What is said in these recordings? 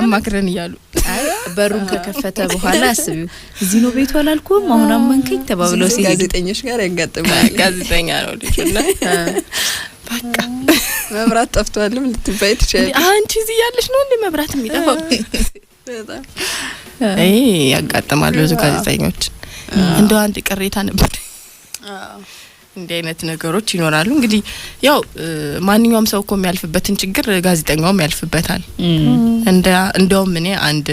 አማክረን እያሉ በሩን ከከፈተ በኋላ አስቢው፣ እዚህ ነው ቤቱ አላልኩም፣ አሁን አመንከኝ ተባብለው ሲሄዱ ጋዜጠኞች ጋር ያጋጥማል። ጋዜጠኛ ነው ልጅና በቃ መብራት ጠፍቷልም ልትባይ ትችላለች። አንቺ እዚህ ያለሽ ነው እንዴ መብራት የሚጠፋው? ያጋጥማሉ ብዙ ጋዜጠኞች። እንደው አንድ ቅሬታ ነበር እንዲህ አይነት ነገሮች ይኖራሉ። እንግዲህ ያው ማንኛውም ሰው እኮ የሚያልፍበትን ችግር ጋዜጠኛውም ያልፍበታል። እንዲያውም እኔ አንድ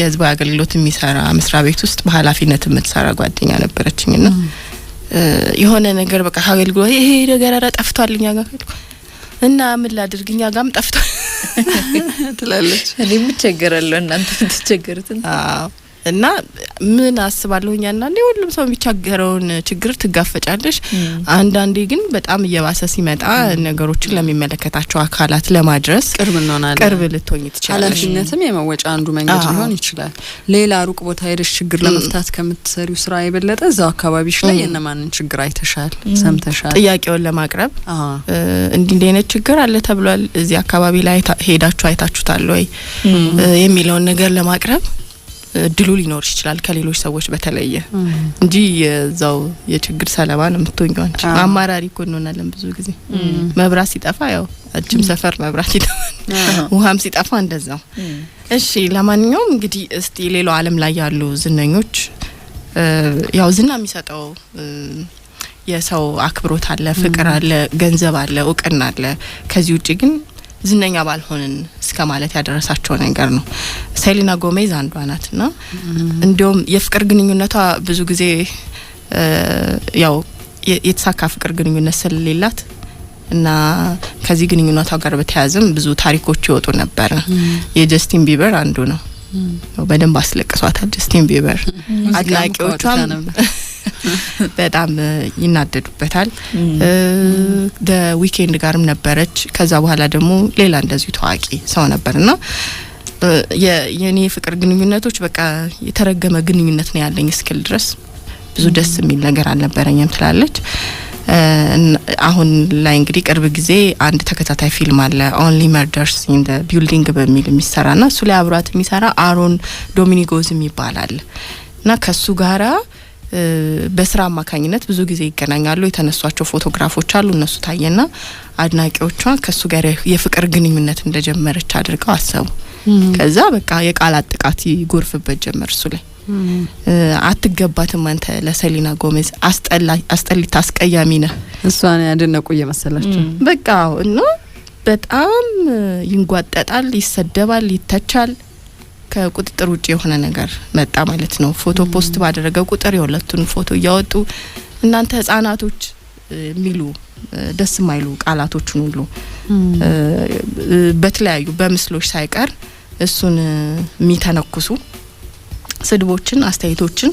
የህዝባዊ አገልግሎት የሚሰራ መስሪያ ቤት ውስጥ በኃላፊነት የምትሰራ ጓደኛ ነበረችኝ ና የሆነ ነገር በቃ አገልግሎት ይሄ ነገር ኧረ ጠፍቷል እኛ ጋር እና ምን ላድርግ እኛ ጋርም ጠፍቷል ትላለች። እኔ የምቸገራለሁ እናንተ ትቸገሩትን እና ምን አስባለሁኝ አንዳንዴ ሁሉም ሰው የሚቻገረውን ችግር ትጋፈጫለሽ። አንዳንዴ ግን በጣም እየባሰ ሲመጣ ነገሮችን ለሚመለከታቸው አካላት ለማድረስ ቅርብ እንሆናለን። ቅርብ ልትሆኝ ትችላለሽ። ኃላፊነትም የመወጫ አንዱ መንገድ ሊሆን ይችላል። ሌላ ሩቅ ቦታ ሄደሽ ችግር ለመፍታት ከምትሰሪው ስራ የበለጠ እዛው አካባቢሽ ላይ የነማንን ችግር አይተሻል፣ ሰምተሻል፣ ጥያቄውን ለማቅረብ እንዲህ እንዲህ አይነት ችግር አለ ተብሏል፣ እዚህ አካባቢ ላይ ሄዳችሁ አይታችሁታል ወይ የሚለውን ነገር ለማቅረብ እድሉ ሊኖር ይችላል ከሌሎች ሰዎች በተለየ እንጂ የዛው የችግር ሰለባ ነው የምትሆኝው አንቺ። አማራሪ እኮ እንሆናለን ብዙ ጊዜ መብራት ሲጠፋ፣ ያው እጅም ሰፈር መብራት ሲጠፋ፣ ውሃም ሲጠፋ እንደዛው። እሺ፣ ለማንኛውም እንግዲህ እስቲ ሌላው ዓለም ላይ ያሉ ዝነኞች ያው ዝና የሚሰጠው የሰው አክብሮት አለ፣ ፍቅር አለ፣ ገንዘብ አለ፣ እውቅና አለ። ከዚህ ውጭ ግን ዝነኛ ባልሆንን እስከ ማለት ያደረሳቸው ነገር ነው። ሴሊና ጎሜዝ አንዷ ናት ና እንዲሁም የፍቅር ግንኙነቷ ብዙ ጊዜ ያው የተሳካ ፍቅር ግንኙነት ስለሌላት እና ከዚህ ግንኙነቷ ጋር በተያያዘም ብዙ ታሪኮች ይወጡ ነበረ። የጀስቲን ቢበር አንዱ ነው። በደንብ አስለቅሷታል። ጀስቲን ቢበር አድናቂዎቿም በጣም ይናደዱበታል። ዊኬንድ ጋርም ነበረች። ከዛ በኋላ ደግሞ ሌላ እንደዚሁ ታዋቂ ሰው ነበርና የኔ ፍቅር ግንኙነቶች በቃ የተረገመ ግንኙነት ነው ያለኝ እስክል ድረስ ብዙ ደስ የሚል ነገር አልነበረኝም ትላለች። አሁን ላይ እንግዲህ ቅርብ ጊዜ አንድ ተከታታይ ፊልም አለ ኦንሊ መርደርስ ኢን ቢልዲንግ በሚል የሚሰራ ና እሱ ላይ አብሯት የሚሰራ አሮን ዶሚኒጎዝም ይባላል እና ከሱ ጋራ በስራ አማካኝነት ብዙ ጊዜ ይገናኛሉ። የተነሷቸው ፎቶግራፎች አሉ። እነሱ ታየና አድናቂዎቿ ከሱ ጋር የፍቅር ግንኙነት እንደጀመረች አድርገው አሰቡ። ከዛ በቃ የቃላት ጥቃት ይጎርፍበት ጀመር እሱ ላይ አትገባትም፣ አንተ ለሰሊና ጎሜዝ አስጠሊታ፣ አስቀያሚ ነህ። እሷን ያደነቁ እየመሰላቸው በቃ እና በጣም ይንጓጠጣል፣ ይሰደባል፣ ይተቻል። ከቁጥጥር ውጭ የሆነ ነገር መጣ ማለት ነው። ፎቶ ፖስት ባደረገ ቁጥር የሁለቱን ፎቶ እያወጡ እናንተ ህጻናቶች የሚሉ ደስ የማይሉ ቃላቶችን ሁሉ በተለያዩ በምስሎች ሳይቀር እሱን የሚተነኩሱ ስድቦችን፣ አስተያየቶችን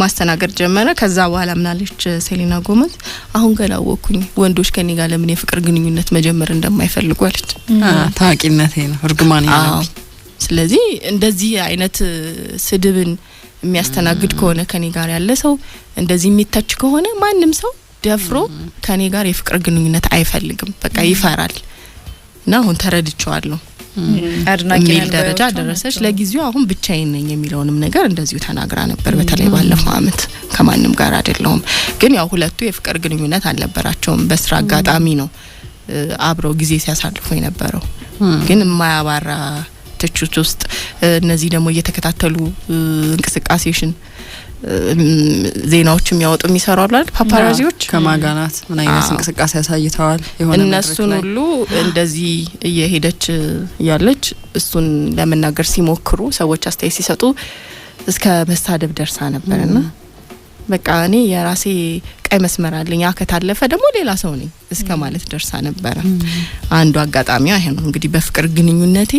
ማስተናገድ ጀመረ። ከዛ በኋላ ምናለች ሴሊና ጎመዝ፣ አሁን ገና አወቅኩኝ ወንዶች ከኔ ጋር ለምን የፍቅር ግንኙነት መጀመር እንደማይፈልጉ አለች። ታዋቂነቴ ነው እርግማን ስለዚህ እንደዚህ አይነት ስድብን የሚያስተናግድ ከሆነ ከኔ ጋር ያለ ሰው እንደዚህ የሚታች ከሆነ ማንም ሰው ደፍሮ ከኔ ጋር የፍቅር ግንኙነት አይፈልግም። በቃ ይፈራል እና አሁን ተረድቸዋለሁ የሚል ደረጃ ደረሰች። ለጊዜው አሁን ብቻዬን ነኝ የሚለውንም ነገር እንደዚሁ ተናግራ ነበር። በተለይ ባለፈው አመት ከማንም ጋር አይደለሁም። ግን ያው ሁለቱ የፍቅር ግንኙነት አልነበራቸውም። በስራ አጋጣሚ ነው አብረው ጊዜ ሲያሳልፉ የነበረው ግን የማያባራ በተቹት ውስጥ እነዚህ ደግሞ እየተከታተሉ እንቅስቃሴሽን ዜናዎች የሚያወጡ የሚሰሩ አሉ አይደል? ፓፓራዚዎች ከማጋናት ምን አይነት እንቅስቃሴ ያሳይተዋል? የሆነ እነሱን ሁሉ እንደዚህ እየሄደች ያለች እሱን ለመናገር ሲሞክሩ ሰዎች አስተያየት ሲሰጡ እስከ መሳደብ ደርሳ ነበርና በቃ እኔ የራሴ ቀይ መስመር አለኝ፣ ያ ከታለፈ ደግሞ ሌላ ሰው ነኝ እስከ ማለት ደርሳ ነበረ። አንዱ አጋጣሚዋ ይሄ ነው እንግዲህ በፍቅር ግንኙነቴ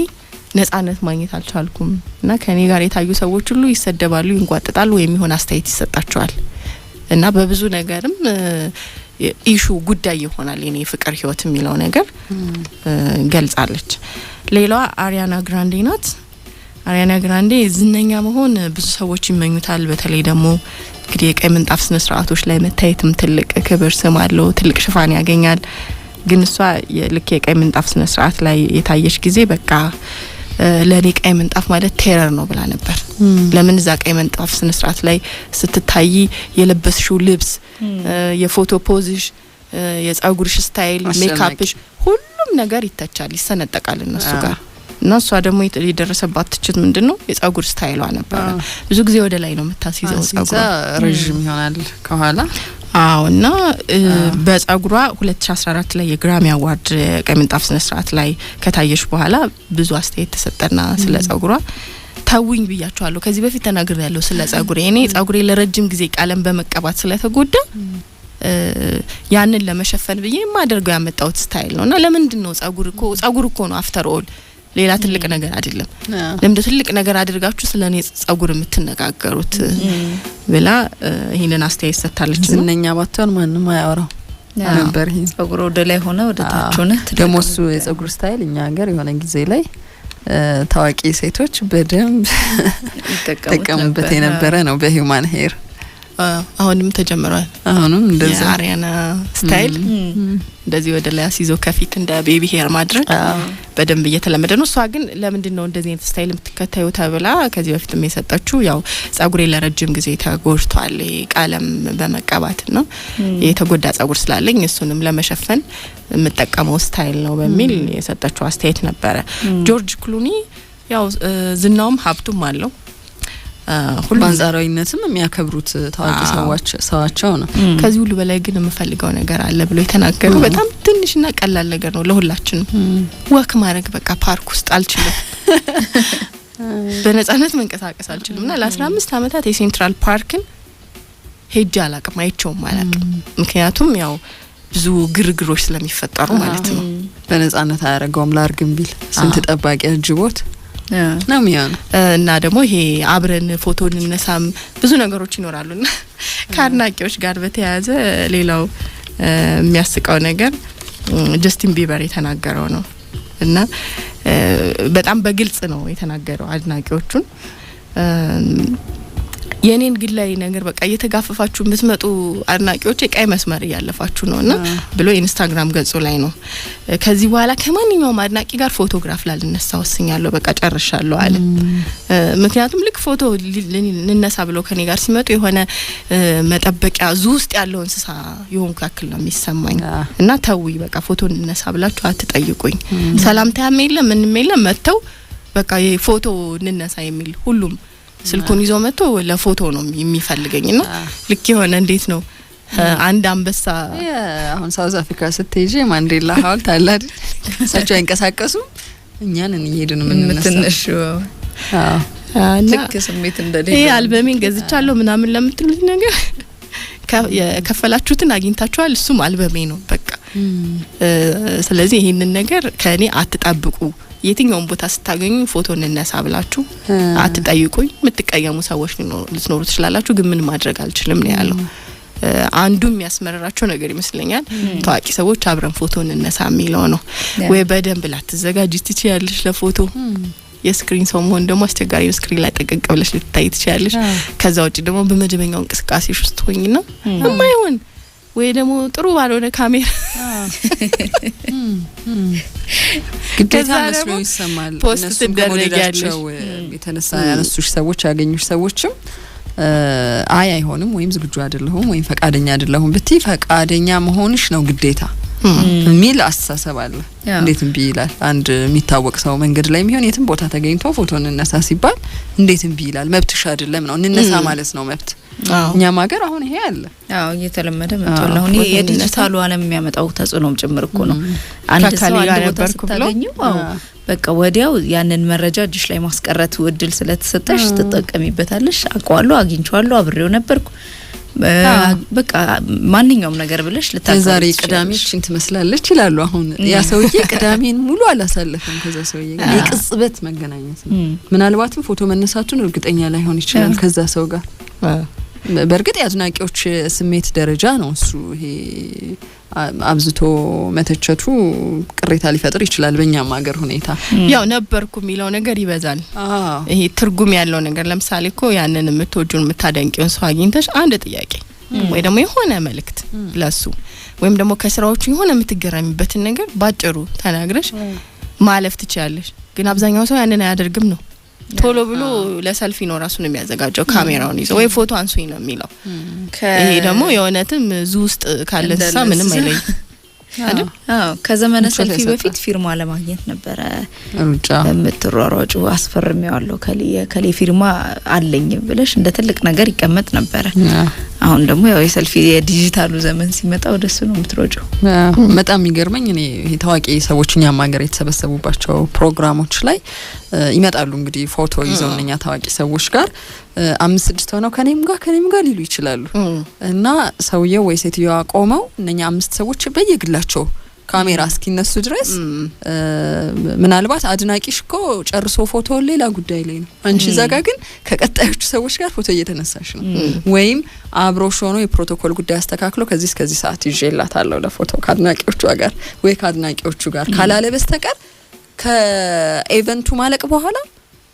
ነጻነት ማግኘት አልቻልኩም እና ከኔ ጋር የታዩ ሰዎች ሁሉ ይሰደባሉ፣ ይንቋጥጣሉ ወይም የሆነ አስተያየት ይሰጣቸዋል እና በብዙ ነገርም ኢሹ ጉዳይ ይሆናል የኔ ፍቅር ህይወት የሚለው ነገር ገልጻለች። ሌላዋ አሪያና ግራንዴ ናት። አሪያና ግራንዴ ዝነኛ መሆን ብዙ ሰዎች ይመኙታል። በተለይ ደግሞ እንግዲህ የቀይ ምንጣፍ ስነ ስርዓቶች ላይ መታየትም ትልቅ ክብር፣ ስም አለው፣ ትልቅ ሽፋን ያገኛል። ግን እሷ ልክ የቀይ ምንጣፍ ስነ ስርዓት ላይ የታየች ጊዜ በቃ ለእኔ ቀይ ምንጣፍ ማለት ቴረር ነው ብላ ነበር። ለምን እዛ ቀይ ምንጣፍ ስነ ስርዓት ላይ ስትታይ የለበስሽው ልብስ፣ የፎቶ ፖዝሽ፣ የጸጉርሽ ስታይል፣ ሜካፕሽ ሁሉም ነገር ይተቻል፣ ይሰነጠቃል እነሱ ጋር እና እሷ ደግሞ የደረሰባት ትችት ምንድን ነው? የጸጉር ስታይሏ ነበረ። ብዙ ጊዜ ወደ ላይ ነው የምታስይዘው፣ ጸጉር ረዥም ይሆናል ከኋላ አዎ እና በጸጉሯ 2014 ላይ የግራሚ አዋርድ ቀይምንጣፍ ስነ ስርዓት ላይ ከታየሽ በኋላ ብዙ አስተያየት ተሰጠና ስለ ጸጉሯ ተውኝ ብያቸዋለሁ። ከዚህ በፊት ተናግሬ ያለው ስለ ጸጉሬ እኔ ጸጉሬ ለረጅም ጊዜ ቀለም በመቀባት ስለተጎዳ ያንን ለመሸፈን ብዬ የማደርገው ያመጣሁት ስታይል ነው እና ለምንድን ነው ጸጉር እኮ ጸጉር እኮ ነው አፍተር ኦል ሌላ ትልቅ ነገር አይደለም። ለምን ትልቅ ነገር አድርጋችሁ ስለ እኔ ጸጉር የምትነጋገሩት ብላ ይህንን አስተያየት ሰጥታለች። ዝነኛ ባትሆን ማንም አያወራው ነበር። ይሄ ጸጉር ወደ ላይ ሆነ ወደ ታች ሆነ። ደግሞ እሱ የጸጉር ስታይል እኛ ሀገር የሆነ ጊዜ ላይ ታዋቂ ሴቶች በደንብ ይጠቀሙበት የነበረ ነው በሂውማን ሄር አሁንም ተጀምሯል። አሁንም እንደዛ አሪያና ስታይል እንደዚህ ወደ ላይ አስይዞ ከፊት እንደ ቤቢ ሄር ማድረግ በደንብ እየተለመደ ነው። እሷ ግን ለምንድን ነው እንደዚህ አይነት ስታይል የምትከታዩ ተብላ ከዚህ በፊትም የሰጠችው ያው ጸጉሬ ለረጅም ጊዜ ተጎድቷል፣ ቃለም በመቀባት ነው የተጎዳ ጸጉር ስላለኝ እሱንም ለመሸፈን የምጠቀመው ስታይል ነው በሚል የሰጠችው አስተያየት ነበረ። ጆርጅ ክሉኒ ያው ዝናውም ሀብቱም አለው ሁሉ በአንጻራዊነትም የሚያከብሩት ታዋቂ ሰዎች ሰዋቸው ነው። ከዚህ ሁሉ በላይ ግን የምፈልገው ነገር አለ ብሎ የተናገሩ በጣም ትንሽና ቀላል ነገር ነው ለሁላችንም። ወክ ማድረግ በቃ ፓርክ ውስጥ አልችልም፣ በነጻነት መንቀሳቀስ አልችልም እና ለአስራ አምስት ዓመታት የሴንትራል ፓርክን ሄጄ አላቅም፣ አይቸውም አላቅም። ምክንያቱም ያው ብዙ ግርግሮች ስለሚፈጠሩ ማለት ነው። በነጻነት አያደርገውም። ላርግም ቢል ስንት ጠባቂ አጅቦት ነው የሚሆን እና ደግሞ ይሄ አብረን ፎቶ እንነሳም ብዙ ነገሮች ይኖራሉና ከአድናቂዎች ጋር በተያያዘ ሌላው የሚያስቀው ነገር ጀስቲን ቢበር የተናገረው ነው እና በጣም በግልጽ ነው የተናገረው አድናቂዎቹን የኔን ግላዊ ነገር በቃ እየተጋፈፋችሁ የምትመጡ አድናቂዎች የቀይ መስመር እያለፋችሁ ነው እና ብሎ የኢንስታግራም ገጹ ላይ ነው ከዚህ በኋላ ከማንኛውም አድናቂ ጋር ፎቶግራፍ ላልነሳ ወስኛለሁ፣ በቃ ጨርሻለሁ አለ። ምክንያቱም ልክ ፎቶ ልነሳ ብለው ከኔ ጋር ሲመጡ የሆነ መጠበቂያ ዙ ውስጥ ያለው እንስሳ የሆንኩ ያክል ነው የሚሰማኝ እና ተዊ በቃ ፎቶ እንነሳ ብላችሁ አትጠይቁኝ። ሰላምታ ያም የለም ምንም የለም መጥተው በቃ ፎቶ እንነሳ የሚል ሁሉም ስልኩን ይዞ መጥቶ ለፎቶ ነው የሚፈልገኝና ልክ የሆነ እንዴት ነው አንድ አንበሳ አሁን ሳውዝ አፍሪካ ስትሄጂ ማንዴላ ሀውልት አለ አይደል? እሳቸው አይንቀሳቀሱም፣ እኛን እንሄድን ምንነሳሽ ልክ ስሜት እንደሌለ ይሄ አልበሜን ገዝቻለሁ ምናምን ለምትሉት ነገር የከፈላችሁትን አግኝታችኋል። እሱም አልበሜ ነው በቃ። ስለዚህ ይህንን ነገር ከእኔ አትጠብቁ። የትኛውን ቦታ ስታገኙ ፎቶ እንነሳ ብላችሁ አትጠይቁኝ። የምትቀየሙ ሰዎች ልትኖሩ ትችላላችሁ፣ ግን ምን ማድረግ አልችልም ነው ያለው። አንዱ የሚያስመረራቸው ነገር ይመስለኛል ታዋቂ ሰዎች አብረን ፎቶ እንነሳ የሚለው ነው። ወይ በደንብ ላትዘጋጅ ትችያለሽ ለፎቶ የስክሪን ሰው መሆን ደግሞ አስቸጋሪ ነው። ስክሪን ላይ ጠቀቅ ብለሽ ልትታይ ትችላለሽ። ከዛ ውጭ ደግሞ በመደበኛው እንቅስቃሴሽ ውስጥ ሆኝና የማይሆን ወይ ደግሞ ጥሩ ባልሆነ ካሜራ ግዴታ መስሎ ይሰማል። ፖስት ትደረጊያለሽ የተነሳ ያነሱሽ ሰዎች ያገኙሽ ሰዎችም አይ አይሆንም ወይም ዝግጁ አይደለሁም ወይም ፈቃደኛ አይደለሁም ብትይ ፈቃደኛ መሆንሽ ነው ግዴታ የሚል አስተሳሰብ አለ። እንዴት እምቢ ይላል አንድ የሚታወቅ ሰው መንገድ ላይ የሚሆን የትም ቦታ ተገኝቶ ፎቶ እንነሳ ሲባል እንዴት እምቢ ይላል? መብትሽ አይደለም ነው እንነሳ ማለት ነው መብት። እኛም ሀገር አሁን ይሄ አለ። አዎ እየተለመደ መጥቷል። አሁን የዲጂታሉ ዓለም የሚያመጣው ተጽዕኖም ጭምር እኮ ነው። አንድ ሰው አንድ ቦታ ስታገኘው በቃ ወዲያው ያንን መረጃ እጅሽ ላይ ማስቀረት እድል ስለተሰጠሽ ትጠቀሚበታለሽ። አውቀዋለሁ፣ አግኝቼዋለሁ፣ አብሬው ነበርኩ በቃ ማንኛውም ነገር ብለሽ ልታቀ ዛሬ ቅዳሜችን ትመስላለች ይላሉ። አሁን ያ ሰውዬ ቅዳሜን ሙሉ አላሳለፈም ከዛ ሰውዬ ጋር የቅጽበት መገናኘት ነው። ምናልባትም ፎቶ መነሳቱን እርግጠኛ ላይሆን ይችላል ከዛ ሰው ጋር በእርግጥ የአድናቂዎች ስሜት ደረጃ ነው እሱ። ይሄ አብዝቶ መተቸቱ ቅሬታ ሊፈጥር ይችላል። በእኛም ሀገር ሁኔታ ያው ነበርኩ የሚለው ነገር ይበዛል። ይሄ ትርጉም ያለው ነገር ለምሳሌ እኮ ያንን የምትወጁን የምታደንቂውን ሰው አግኝተሽ አንድ ጥያቄ ወይ ደግሞ የሆነ መልእክት ለሱ ወይም ደግሞ ከስራዎቹ የሆነ የምትገረሚበትን ነገር ባጭሩ ተናግረሽ ማለፍ ትችላለሽ። ግን አብዛኛው ሰው ያንን አያደርግም ነው ቶሎ ብሎ ለሰልፊ ነው ራሱን የሚያዘጋጀው ካሜራውን ይዞ ወይ ፎቶ አንሱኝ ነው የሚለው። ይሄ ደግሞ የእውነትም ዙ ውስጥ ካለ እንስሳ ምንም አይለኝ። ከዘመነ ሰልፊ በፊት ፊርማ ለማግኘት ነበረ ሩጫ የምትሯሯጩ። አስፈርሜዋለሁ ከሌ ከሌ ፊርማ አለኝ ብለሽ እንደ ትልቅ ነገር ይቀመጥ ነበረ። አሁን ደግሞ ያው የሰልፊ የዲጂታሉ ዘመን ሲመጣ ወደሱ ነው የምትሮጨው። በጣም የሚገርመኝ እኔ ታዋቂ ሰዎች እኛም ሀገር የተሰበሰቡባቸው ፕሮግራሞች ላይ ይመጣሉ እንግዲህ ፎቶ ይዘው እነኛ ታዋቂ ሰዎች ጋር አምስት ስድስት ሆነው ከኔም ጋር ከኔም ጋር ሊሉ ይችላሉ እና ሰውየው ወይ ሴትዮዋ ቆመው እነኛ አምስት ሰዎች በየግላቸው ካሜራ እስኪነሱ ድረስ ምናልባት አድናቂሽ እኮ ጨርሶ ፎቶ ሌላ ጉዳይ ላይ ነው። አንቺ እዛ ጋ ግን ከቀጣዮቹ ሰዎች ጋር ፎቶ እየተነሳሽ ነው፣ ወይም አብሮሽ ሆኖ የፕሮቶኮል ጉዳይ አስተካክሎ ከዚህ እስከዚህ ሰዓት ይዤላታለሁ ለፎቶ ከአድናቂዎቿ ጋር ወይ ከአድናቂዎቹ ጋር ካላለ በስተቀር ከኤቨንቱ ማለቅ በኋላ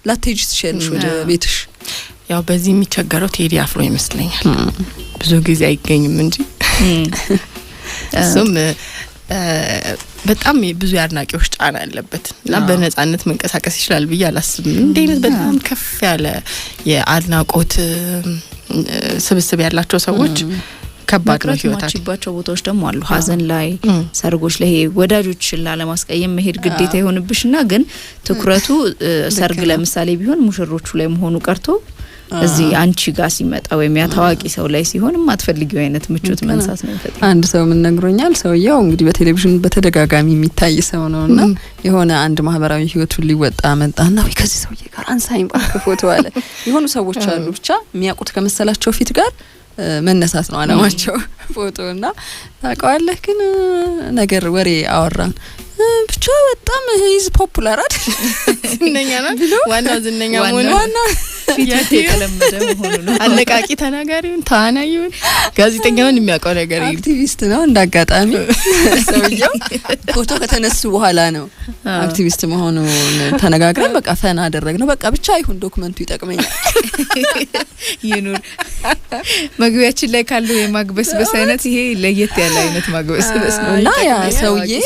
ላትሄጂ ትችያለሽ ወደ ቤትሽ። ያው በዚህ የሚቸገረው ቴዲ አፍሮ ይመስለኛል። ብዙ ጊዜ አይገኝም እንጂ እሱም በጣም ብዙ የአድናቂዎች ጫና ያለበት እና በነጻነት መንቀሳቀስ ይችላል ብዬ አላስብም። እንዲህ አይነት በጣም ከፍ ያለ የአድናቆት ስብስብ ያላቸው ሰዎች ከባድ ነው ህይወታቸው። ቦታዎች ደግሞ አሉ፣ ሀዘን ላይ፣ ሰርጎች ላይ ወዳጆችን ላለማስቀየም መሄድ ግዴታ የሆንብሽና ግን ትኩረቱ ሰርግ ለምሳሌ ቢሆን ሙሽሮቹ ላይ መሆኑ ቀርቶ እዚህ አንቺ ጋር ሲመጣ ወይም ያ ታዋቂ ሰው ላይ ሲሆን የማትፈልጊው አይነት ምቾት መንሳት ነው የሚፈጥረው። አንድ ሰው ምን ነግሮኛል። ሰውየው እንግዲህ በቴሌቪዥን በተደጋጋሚ የሚታይ ሰው ነው እና የሆነ አንድ ማህበራዊ ህይወቱን ሊወጣ መጣና ወይ ከዚህ ሰውዬ ጋር አንሳኝ ባክ ፎቶ አለ። የሆኑ ሰዎች አሉ ብቻ የሚያውቁት ከመሰላቸው ፊት ጋር መነሳት ነው አላማቸው ፎቶ እና ታውቀዋለህ። ግን ነገር ወሬ አወራን ብቻ በጣም ሂዝ ፖፑላር አይደል? ዝነኛ ነው ብሎ ዋናው ዝነኛ መሆኑ ዋና ፊት የተለመደ መሆኑ ነው። አለቃቂ ተናጋሪውን ተዋናዩን ጋዜጠኛውን የሚያውቀው ነገር አክቲቪስት ነው። እንዳጋጣሚ ሰውየው ፎቶ ከተነሱ በኋላ ነው አክቲቪስት መሆኑን ተነጋግረን በቃ ፈን አደረግ ነው። በቃ ብቻ ይሁን ዶክመንቱ ይጠቅመኛል ይኑር። መግቢያችን ላይ ካለው የማግበስበስ አይነት ይሄ ለየት ያለ አይነት ማግበስበስ ነው እና ያ ሰውዬ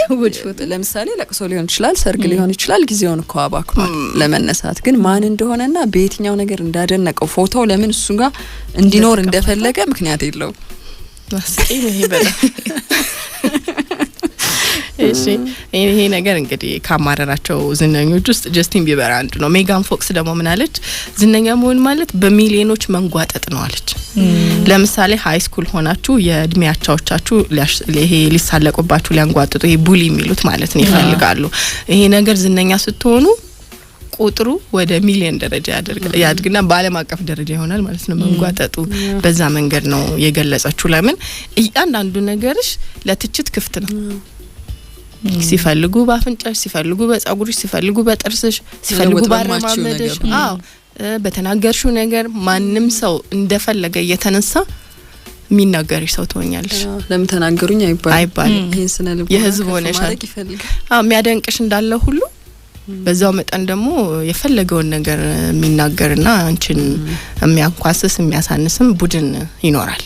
ለምሳሌ ለቅሶ ሊሆን ይችላል፣ ሰርግ ሊሆን ይችላል። ጊዜውን እኮ አባክኗል ለመነሳት። ግን ማን እንደሆነና በየትኛው ነገር እንዳደነቀው ፎቶው ለምን እሱ ጋር እንዲኖር እንደፈለገ ምክንያት የለውም። እሺ ይሄ ነገር እንግዲህ ካማረራቸው ዝነኞች ውስጥ ጀስቲን ቢበር አንዱ ነው። ሜጋን ፎክስ ደግሞ ምን አለች? ዝነኛ መሆን ማለት በሚሊዮኖች መንጓጠጥ ነው አለች። ለምሳሌ ሀይ ስኩል ሆናችሁ የእድሜ አቻዎቻችሁ ይሄ ሊሳለቁባችሁ፣ ሊያንጓጥጡ ይሄ ቡሊ የሚሉት ማለት ነው ይፈልጋሉ። ይሄ ነገር ዝነኛ ስትሆኑ ቁጥሩ ወደ ሚሊዮን ደረጃ ያድግና በዓለም አቀፍ ደረጃ ይሆናል ማለት ነው። መንጓጠጡ በዛ መንገድ ነው የገለጸችው። ለምን እያንዳንዱ ነገርሽ ለትችት ክፍት ነው። ሲፈልጉ በአፍንጫሽ፣ ሲፈልጉ በጸጉርሽ፣ ሲፈልጉ በጥርስሽ፣ ሲፈልጉ ባረማመደሽ፣ አዎ በተናገርሽው ነገር ማንም ሰው እንደፈለገ እየተነሳ የሚናገርሽ ሰው ትሆኛለሽ። ለምን ተናገሩኝ አይባልም። የህዝብ ሆነሻል። የሚያደንቅሽ እንዳለ ሁሉ በዛው መጠን ደግሞ የፈለገውን ነገር የሚናገርና አንቺን የሚያንኳስስ የሚያሳንስም ቡድን ይኖራል።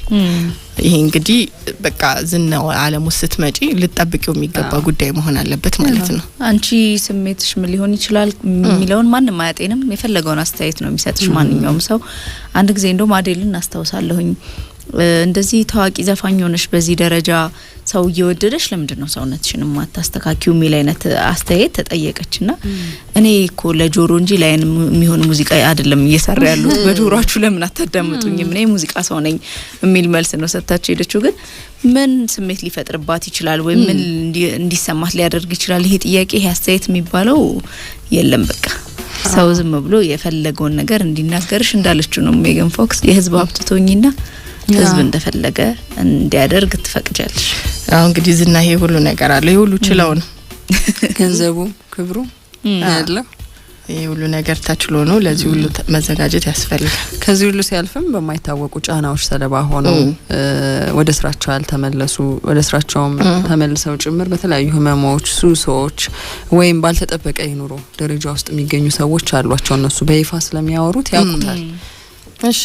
ይሄ እንግዲህ በቃ ዝናው አለም ውስጥ ስትመጪ ልጠብቂው የሚገባ ጉዳይ መሆን አለበት ማለት ነው። አንቺ ስሜትሽ ምን ሊሆን ይችላል የሚለውን ማንም አያጤንም። የፈለገውን አስተያየት ነው የሚሰጥሽ ማንኛውም ሰው። አንድ ጊዜ እንደውም አዴልን አስታውሳለሁኝ እንደዚህ ታዋቂ ዘፋኝ ሆነሽ በዚህ ደረጃ ሰው እየወደደሽ ለምንድን ነው ሰውነትሽን የማታስተካኪው የሚል አይነት አስተያየት ተጠየቀች። ና እኔ እኮ ለጆሮ እንጂ ለዓይን የሚሆን ሙዚቃ አይደለም እየሰራ ያሉት በጆሮችሁ ለምን አታዳምጡኝም? እኔ ሙዚቃ ሰው ነኝ የሚል መልስ ነው ሰጥታችሁ ሄደችው። ግን ምን ስሜት ሊፈጥርባት ይችላል ወይም ምን እንዲሰማት ሊያደርግ ይችላል? ይሄ ጥያቄ ይሄ አስተያየት የሚባለው የለም በቃ ሰው ዝም ብሎ የፈለገውን ነገር እንዲናገርሽ እንዳለችው ነው ሜገን ፎክስ የህዝብ ሀብት ቶኝና ህዝብ እንደፈለገ እንዲያደርግ ትፈቅጃለሽ። አሁን እንግዲህ ዝና ይሄ ሁሉ ነገር አለው። ይሄ ሁሉ ችለው ነው ገንዘቡ፣ ክብሩ ያለው ይህ ሁሉ ነገር ተችሎ ነው። ለዚህ ሁሉ መዘጋጀት ያስፈልጋል። ከዚህ ሁሉ ሲያልፍም በማይታወቁ ጫናዎች ሰለባ ሆነው ወደ ስራቸው ያልተመለሱ ወደ ስራቸውም ተመልሰው ጭምር በተለያዩ ህመሞች፣ ሱሶች ወይም ባልተጠበቀ የኑሮ ደረጃ ውስጥ የሚገኙ ሰዎች አሏቸው። እነሱ በይፋ ስለሚያወሩት ያውቁታል። እሺ